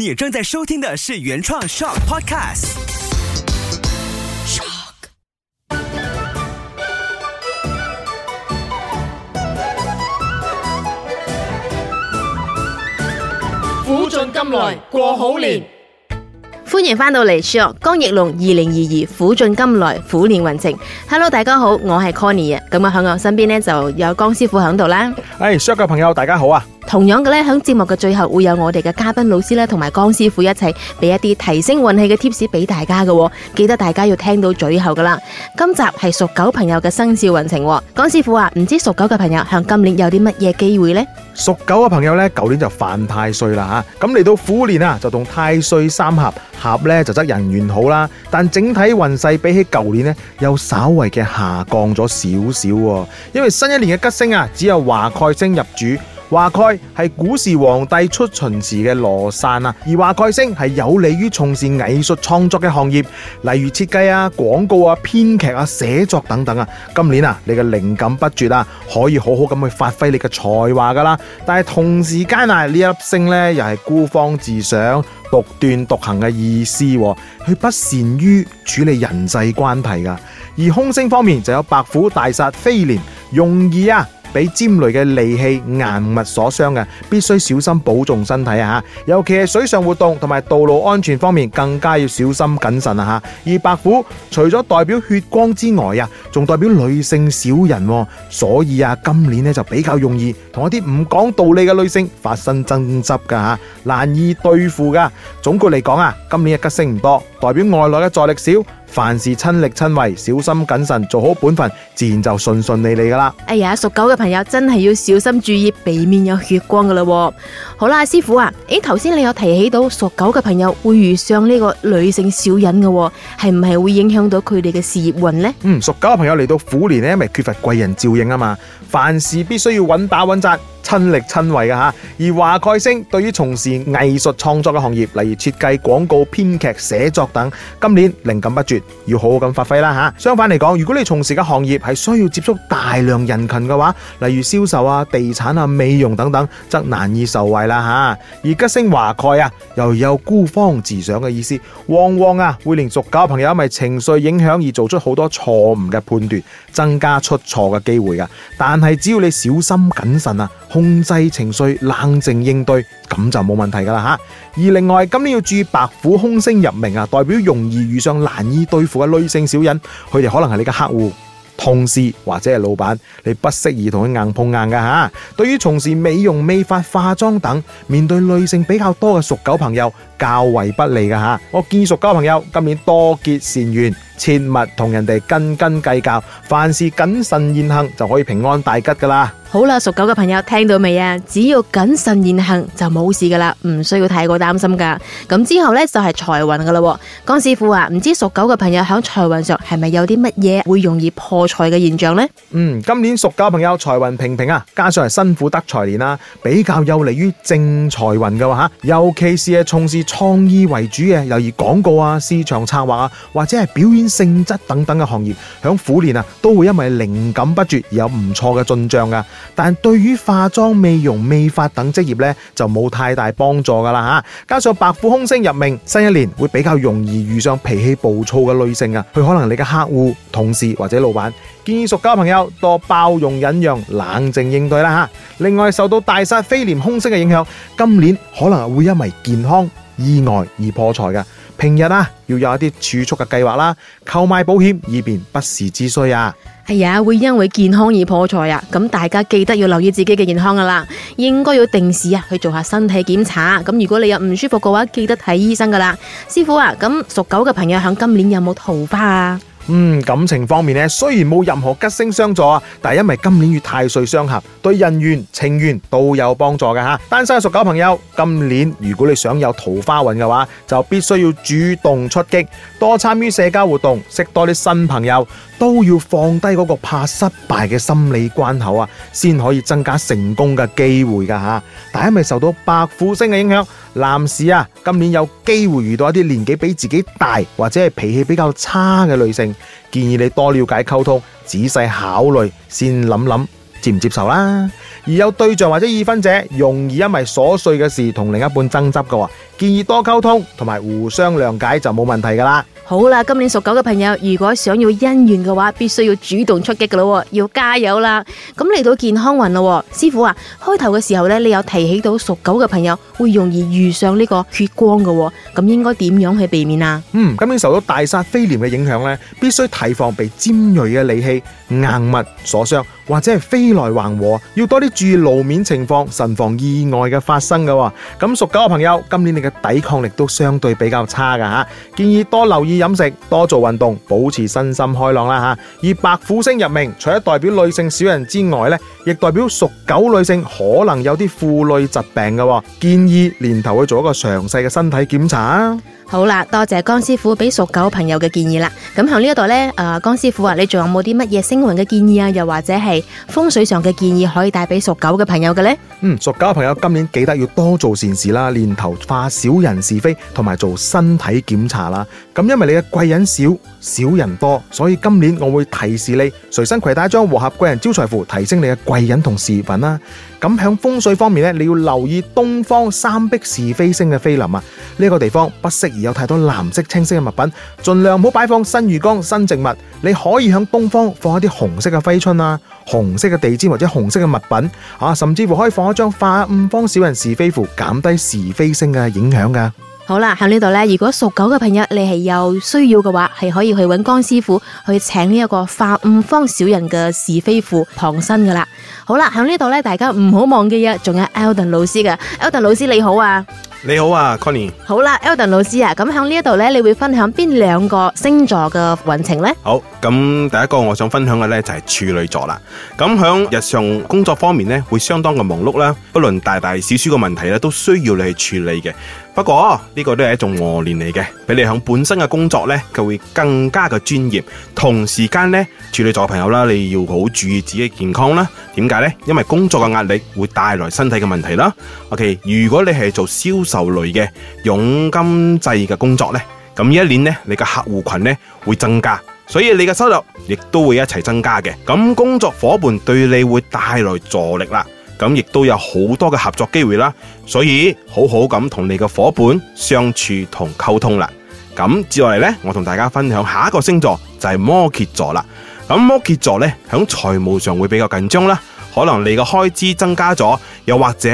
你正在收聽的是原創 Shock Podcast。Shock，虎進金來過好年，歡迎翻到嚟 Shock 江奕龍二零二二虎進金來虎年運程。Hello，大家好，我係 Connie 啊，咁啊喺我身邊咧就有江師傅喺度啦。誒，Shock 嘅朋友大家好啊！同樣嘅咧，喺節目嘅最後會有我哋嘅嘉賓老師咧，同埋江師傅一齊俾一啲提升運氣嘅 tips 俾大家嘅，記得大家要聽到最後噶啦。今集係屬狗朋友嘅生肖運程，江師傅話，唔知屬狗嘅朋友向今年有啲乜嘢機會呢？屬狗嘅朋友咧，舊年就犯太歲啦吓，咁嚟到虎年啊，就同太歲三合合咧，就則人緣好啦。但整體運勢比起舊年呢，又稍微嘅下降咗少少，因為新一年嘅吉星啊，只有華蓋星入主。華蓋係古時皇帝出巡時嘅羅傘，而華蓋星係有利於從事藝術創作嘅行業，例如設計啊、廣告啊、編劇啊、寫作等等啊。今年啊，你嘅靈感不絕啊，可以好好咁去發揮你嘅才華噶啦。但係同時間啊，呢粒星呢，又係孤芳自賞、獨斷獨行嘅意思，啊，佢不善於處理人際關係噶。而凶星方面就有白虎、大煞、飛廉，容易啊。俾尖銳嘅利器硬物所傷嘅，必須小心保重身體啊！尤其係水上活動同埋道路安全方面，更加要小心謹慎啊！而白虎除咗代表血光之外啊，仲代表女性小人，所以啊，今年咧就比較容易同一啲唔講道理嘅女性發生爭執噶吓，難以對付噶。總括嚟講啊，今年嘅吉星唔多。代表外來嘅助力少，凡事親力親為，小心謹慎，做好本分，自然就順順利利噶啦。哎呀，屬狗嘅朋友真係要小心注意，避免有血光噶啦。好啦，師傅啊，誒，頭先你有提起到屬狗嘅朋友會遇上呢個女性小人嘅，係唔係會影響到佢哋嘅事業運呢？嗯，屬狗嘅朋友嚟到虎年呢，咧，係咪缺乏貴人照應啊嘛，凡事必須要穩打穩紮。親力親為嘅吓，而華蓋星對於從事藝術創作嘅行業，例如設計、廣告、編劇、寫作等，今年靈感不絕，要好好咁發揮啦吓。相反嚟講，如果你從事嘅行業係需要接觸大量人群嘅話，例如銷售啊、地產啊、美容等等，則難以受惠啦吓。而吉星華蓋啊，又有孤芳自賞嘅意思，往往啊會令熟交朋友，因為情緒影響而做出好多錯誤嘅判斷，增加出錯嘅機會㗎。但係只要你小心謹慎啊！控制情緒，冷靜應對，咁就冇問題噶啦吓。而另外，今年要注意白虎凶星入命啊，代表容易遇上難以對付嘅女性小人，佢哋可能係你嘅客戶、同事或者係老闆，你不適宜同佢硬碰硬噶吓。對於從事美容、美發、化妝等，面對女性比較多嘅屬狗朋友較為不利噶吓。我建議屬狗朋友今年多結善緣，切勿同人哋斤斤計較，凡事謹慎言行就可以平安大吉噶啦。好啦，屬狗嘅朋友聽到未啊？只要謹慎言行就冇事噶啦，唔需要太過擔心噶。咁之後咧就係財運噶啦。江師傅啊，唔知屬狗嘅朋友喺財運上係咪有啲乜嘢會容易破財嘅現象呢？嗯，今年屬狗朋友財運平平啊，加上係辛苦得財年啦，比較有利於正財運噶吓。尤其是係從事創意為主嘅，例如廣告啊、市場策劃啊，或者係表演性質等等嘅行業，響虎年啊都會因為靈感不絕而有唔錯嘅進賬噶。但係對於化妝、美容、美髮等職業呢，就冇太大幫助噶啦吓。加上白虎凶星入命，新一年會比較容易遇上脾氣暴躁嘅女性啊。佢係可能你嘅客戶、同事或者老闆，建議屬狗朋友多包容忍讓、冷靜應對啦吓。另外，受到大煞飛廉凶星嘅影響，今年可能會因為健康意外而破財嘅。平日啊，要有一啲儲蓄嘅計劃啦，購買保險以便不時之需啊。係啊、哎，會因為健康而破財啊！咁大家記得要留意自己嘅健康㗎喇，應該要定時啊去做下身體檢查。咁如果你有唔舒服嘅話，記得睇醫生㗎喇。師傅啊，咁屬狗嘅朋友響今年有冇桃花啊？嗯，感情方面呢，雖然冇任何吉星相助啊，但因為今年與太歲相合，對人緣、情緣都有幫助㗎。單身屬狗朋友，今年如果你想有桃花運嘅話，就必須要主動出擊，多參與社交活動，識多啲新朋友，都要放低嗰個怕失敗嘅心理關口啊，先可以增加成功嘅機會㗎。但因為受到白虎星嘅影響，男士啊，今年有機會遇到一啲年紀比自己大或者係脾氣比較差嘅女性。建議你多了解溝通，仔細考慮，先諗諗接唔接受啦。而有對象或者已婚者，容易因為瑣碎嘅事同另一半爭執噶，建議多溝通同埋互相諒解就冇問題噶啦。好啦，今年屬狗嘅朋友，如果想要姻緣嘅話，必須要主動出擊噶咯，要加油啦！咁嚟到健康運咯，師傅啊，開頭嘅時候咧，你有提起到屬狗嘅朋友會容易遇上呢個血光嘅，咁應該點樣去避免啊？嗯，今年受到大煞飛廉嘅影響咧，必須提防被尖銳嘅利器、硬物所傷，或者係飛來橫禍，要多啲注意路面情況，慎防意外嘅發生嘅。咁屬狗嘅朋友，今年你嘅抵抗力都相對比較差噶吓，建議多留意。飲食，多做運動，保持身心開朗啦吓。而白虎星入命，除咗代表女性小人之外咧，亦代表屬狗女性可能有啲婦科疾病嘅，建議年頭去做一個詳細嘅身體檢查啊。好啦，多謝江師傅俾屬狗朋友嘅建議啦。咁響呢一度呢，誒，江師傅啊，你仲有冇啲乜嘢星運嘅建議啊？又或者係風水上嘅建議可以帶俾屬狗嘅朋友嘅呢？嗯，屬狗嘅朋友今年記得要多做善事啦，念頭化小人是非，同埋做身體檢查啦。咁因為你嘅貴人少，小人多，所以今年我會提示你隨身攜帶一張和合貴人招財符，提升你嘅貴人同事業運啦。咁響風水方面呢，你要留意東方三碧是非星嘅飛臨啊，呢、這個地方不適有太多藍色、青色嘅物品，盡量唔好擺放新魚缸、新植物。你可以向東方放一啲紅色嘅揮春啊，紅色嘅地氈或者紅色嘅物品啊，甚至乎可以放一張化五方小人是非符，減低是非星嘅影響噶。好啦，喺呢度呢，如果屬狗嘅朋友你係有需要嘅話，係可以去揾江師傅去請呢一個化五方小人嘅是非符旁身噶啦。好啦，響呢度呢，大家唔好忘記啊，仲有 Elton 老師嘅 Elton 老師，老師你好啊！你好啊，Connie。好啦，Elden 老師啊，咁喺呢一度呢，你會分享邊兩個星座嘅運程呢？好，咁第一個我想分享嘅呢，就係、是、處女座啦。咁喺日常工作方面呢，會相當嘅忙碌啦，不論大大小小嘅問題咧，都需要你去處理嘅。不過呢、這個都係一種磨練嚟嘅，比你喺本身嘅工作呢，佢會更加嘅專業。同時間呢，處女座朋友啦，你要好注意自己嘅健康啦。點解呢？因為工作嘅壓力會帶來身體嘅問題啦。OK，如果你係做銷，受累嘅佣金制嘅工作呢，咁一年呢，你嘅客戶群呢會增加，所以你嘅收入亦都會一齊增加嘅。咁工作夥伴對你會帶來助力啦，咁亦都有好多嘅合作機會啦。所以好好咁同你嘅夥伴相處同溝通啦。咁接落嚟呢，我同大家分享下一個星座就係摩羯座啦。咁摩羯座呢，響財務上會比較緊張啦，可能你嘅開支增加咗，又或者。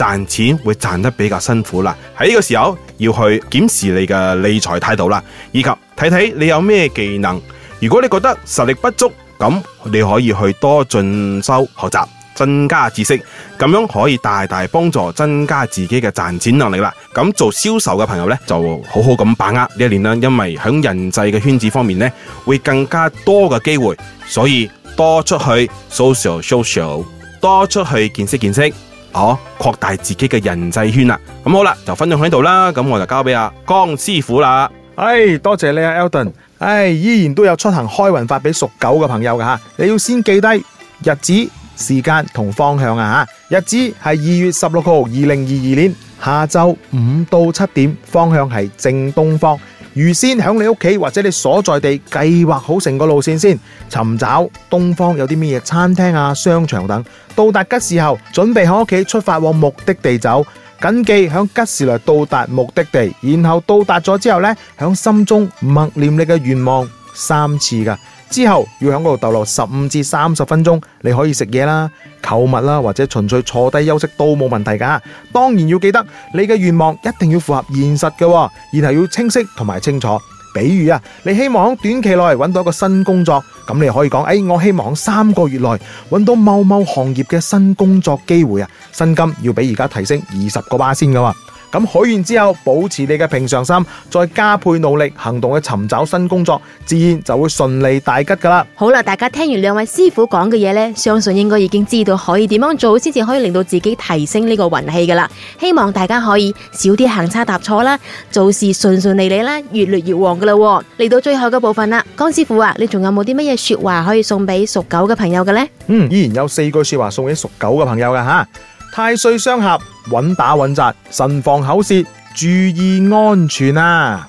賺錢會賺得比較辛苦啦，喺呢個時候要去檢視你嘅理財態度啦，以及睇睇你有咩技能。如果你覺得實力不足，咁你可以去多進修學習，增加知識，咁樣可以大大幫助增加自己嘅賺錢能力啦。咁做銷售嘅朋友呢，就好好咁把握呢一年啦，因為喺人際嘅圈子方面呢，會更加多嘅機會，所以多出去 social social，多出去見識見識。哦，擴大自己嘅人際圈啦，啊。咁，嗯，好啦，就分享喺度啦。咁我就交俾阿江師傅啦。唉，哎，多謝你啊，Elton。唉 El，哎，依然都有出行開運法俾屬狗嘅朋友噶吓。你要先記低日子、時間同方向啊吓。日子係二月十六號，二零二二年下晝五到七點，方向係正東方。預先響你屋企或者你所在地計劃好成個路線先，尋找東方有啲咩餐廳啊、商場等。到達吉時後，準備響屋企出發往目的地走。謹記響吉時嚟到達目的地，然後到達咗之後咧，響心中默念你嘅願望三次㗎。之後要喺嗰度逗留十五至三十分鐘，你可以食嘢啦、購物啦，或者純粹坐低休息都冇問題噶。當然要記得你嘅願望一定要符合現實嘅，然後要清晰同埋清楚。比如啊，你希望喺短期內揾到一個新工作，咁你可以講：哎，我希望喺三個月內揾到某某行業嘅新工作機會啊，薪金要比而家提升二十個巴仙噶。咁許願之後，保持你嘅平常心，再加倍努力行動去尋找新工作，自然就會順利大吉噶啦。好啦，大家聽完兩位師傅講嘅嘢咧，相信應該已經知道可以點樣做先至可以令到自己提升呢個運氣噶啦。希望大家可以少啲行差踏錯啦，做事順順利利啦，越嚟越旺噶啦。嚟到最後嘅部分啦，江師傅啊，你仲有冇啲乜嘢說話可以送俾屬狗嘅朋友嘅呢？嗯，依然有四句說話送俾屬狗嘅朋友噶吓。太歲相合，穩打穩紮，慎防口舌，注意安全啊。